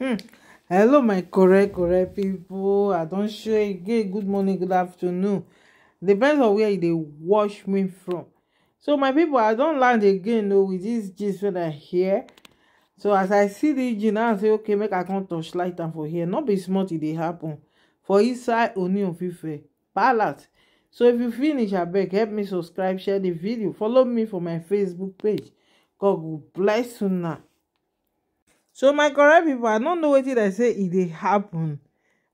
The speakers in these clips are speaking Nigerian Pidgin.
Hmm. Hello, my correct, correct people. I don't share again. Good morning, good afternoon. Depends on where they dey watch me from. So, my people, I don't land again though with this gist wey I hear. So, as I see the gist I say, okay, make I come touch light and for here. not be smart if they happen for inside only on FIFA. palace. So, if you finish, abeg, help me subscribe, share the video, follow me for my Facebook page. God go bless now so my correct people, i don't know wetin i say It e dey happen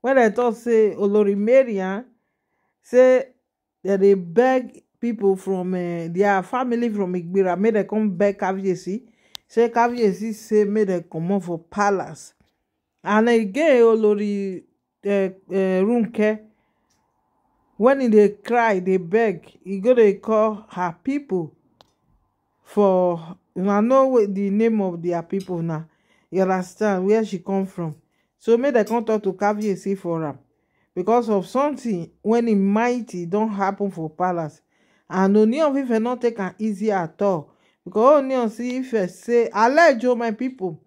wen i tok say Olori Maria say that they beg people from eh, their family from igbira make they come back caviarcy say caviarcy say make dem comot for palace and again olori eh, eh, runke when they e cry they e beg He go to call her people for una know the name of their people now you understand where she come from so make they come talk to Kabiyesi for am because of something when im mighty don happen for palace and Ooni of Ife no take am easy at all because Ooni of Ife say alejo oh, my people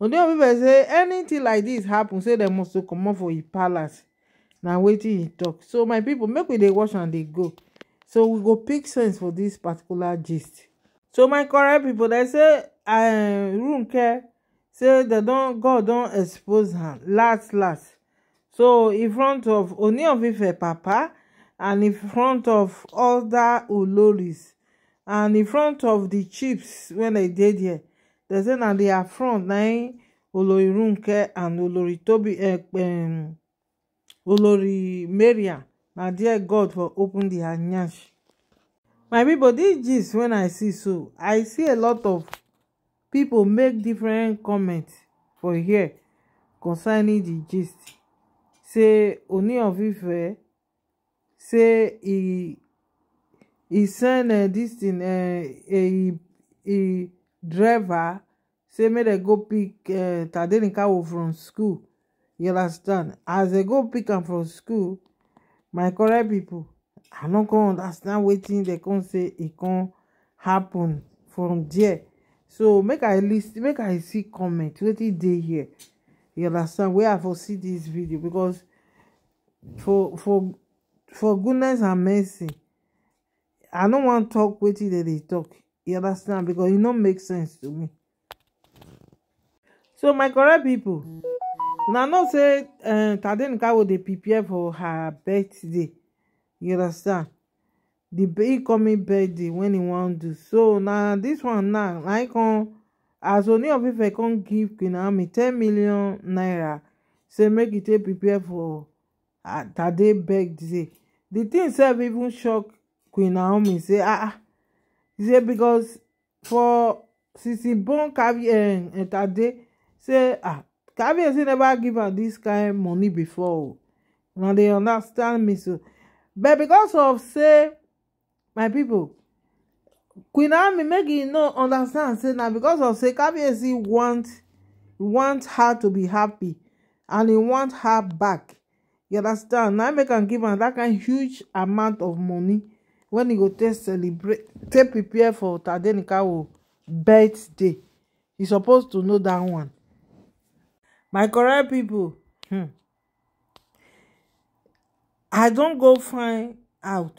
Ooni of Ife say anything like this happen say dem must to comot for im palace na wetin he talk so my people make we dey watch and dey go so we go pick sense for this particular gist so my correct people dem say uh, um, Ronke say don god don't expose am last last so in front of only of ife papa and in front of all other uloris, and in front of the chiefs when dem did here, dem say na dia front nine im runke and olori tobi um, eh, ulori maria na dear god for open the nyash my people, this gist when i see so i see a lot of People make different comments for here concerning the gist say oni of ife say e e send uh, dis thing uh, a a driver say make dem go pick uh, tadenikawo from school you understand as dem go pick am from school my correct people. i no come understand wetin dem come say e come happen from there so make i list make i see comment wetin dey here you understand where i for see dis video because, for for for goodness and mercy i no wan talk wetin dem dey talk, you understand because e no make sense to me so my correct people, na know say uh tade nkawo dey prepare for her birthday you understand the e coming in birthday when he want to so now this one now na e as only of I can give queen naomi ten million naira say make it e prepare for that tade birthday the thing sef even shock queen naomi say ah, ah. say because for since eh, eh, that day, say ah kabiyesi never give am dis kind money before oh. Now they understand me so but because of say my pipo queen Ami make e no understand say na because of say kabiyesi want want her to be happy and he want her back you understand na make am give am that kind huge amount of money when he go take celebrate take prepare for tadenikawo birthday He suppose to know that one my correct people, hmm i don go find out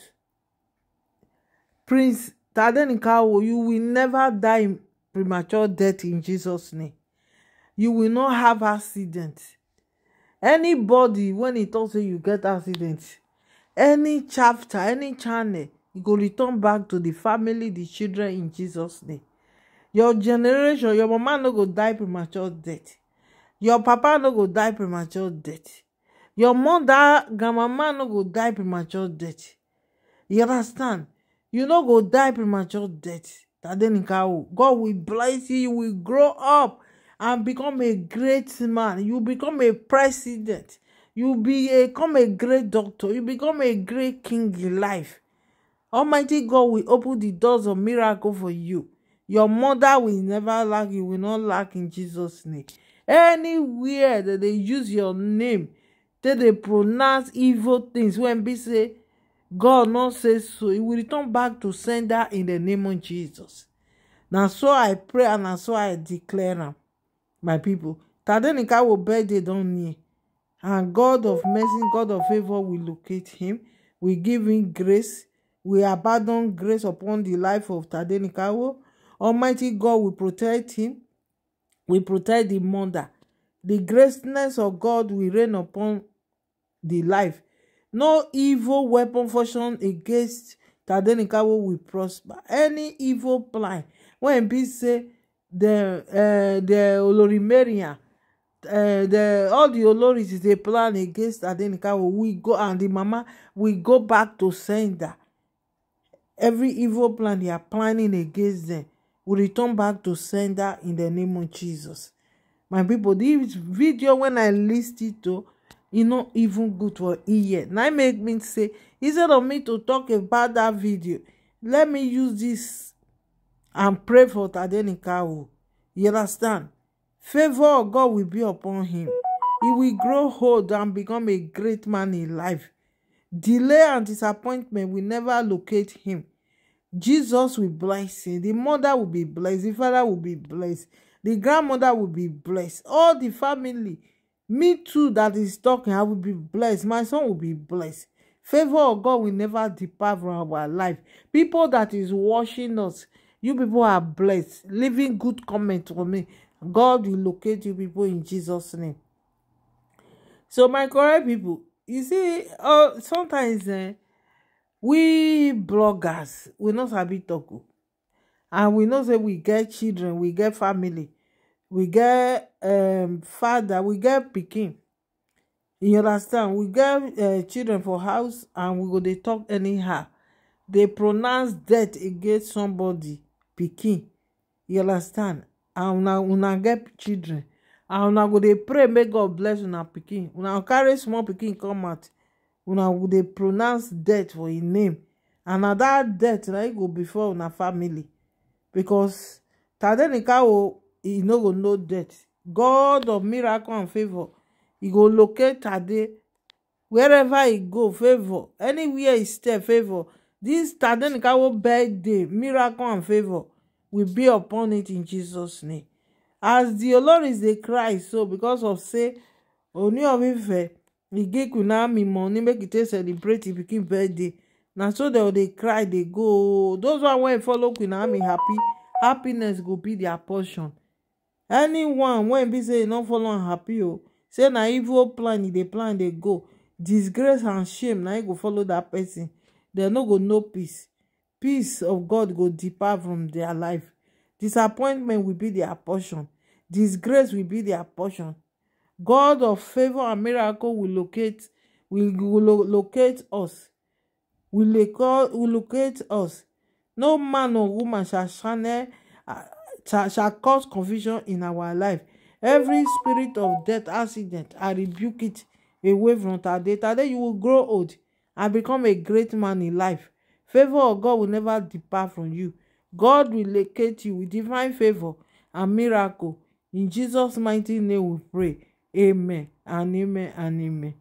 Prince Tadenikawo, you will never die premature death in Jesus' name. You will not have accident. Anybody, when it also you get accident, any chapter, any channel, you go return back to the family, the children in Jesus' name. Your generation, your mama no go die premature death. Your papa no go die premature death. Your mother, grandmama no go die premature death. You understand? you no go die premature death tadenikawo god will bless you you will grow up and become a great man you become a president you become a great doctor you become a great king in life almighty god will open the doors of miracle for you your mother will never lack you will not lack in jesus name anywhere that they use your name take dey pronounce evil things when be say god not say so He will return back to sender in the name of jesus Now, so i pray and na so i declare am my pipo tadenikawo birthday don near and god of mercy god of favor, will locate him we give him grace we abandon grace upon the life of tadenikawo almighty god will protect him we protect di mother the greatness of god will reign upon the life No evil weapon fashion against Tadenikawo will prosper. Any evil plan. When be say the uh, the Olorimeria, uh, eh, the all the Oloris they plan against Tadenikawo, we go and the mama we go back to saying that Every evil plan they are planning against them We return back to sender in the name of Jesus. My people, this video when I list it to e no even good for ear na make me say instead of me to talk about dat video let me use dis and pray for tadenika o you understand favour of god will be upon him he will grow old and become a great man in life delay and disappointment will never locate him jesus will bless him the mother will be blessed the father will be blessed the grandmother will be blessed all the family me too that is talking i will be blessed my son will be blessed favor of god will never depart from our life people that is watching us you people are blessed leaving good comment for me god will locate you people in jesus name so my correct people you see uh, sometimes uh, we bloggers we no sabi talk and we know say we get children we get family we get um, father we get pikin you understand we get uh, children for house and we go dey talk anyhow dey pronounce death against somebody pikin you understand and una una get children and una go dey pray make god bless una pikin una carry small pikin come out una go dey pronounce death for im name and na dat death na e go before una family because tadenika o He no go know death god of miracle and favor, he go locate tade wherever he go favor anywhere e step favour dis tade nikawo birthday miracle and favor will be upon it in jesus name as the Lord is the Christ, so because of say oni of ife igikwu na mi money make it take celebrate it pikin birthday Now, so they they cry they go those who are wey follow queen ami happy happiness will be their portion anyone wey be say e no follow am happy o say na evil plan e dey plan dey go disgrace and shame na e go follow dat person dem no go know peace peace of god go depart from their life disappointment will be their portion disgrace will be their portion god of favour and miracle will locate will locate us will locate us no man or woman shall channel uh, shall cause confusion in our life. Every spirit of death, accident, I rebuke it away from Tade. Tade, you will grow old and become a great man in life. Favor of God will never depart from you. God will locate you with divine favor and miracle. In Jesus' mighty name we pray. Amen and amen and amen.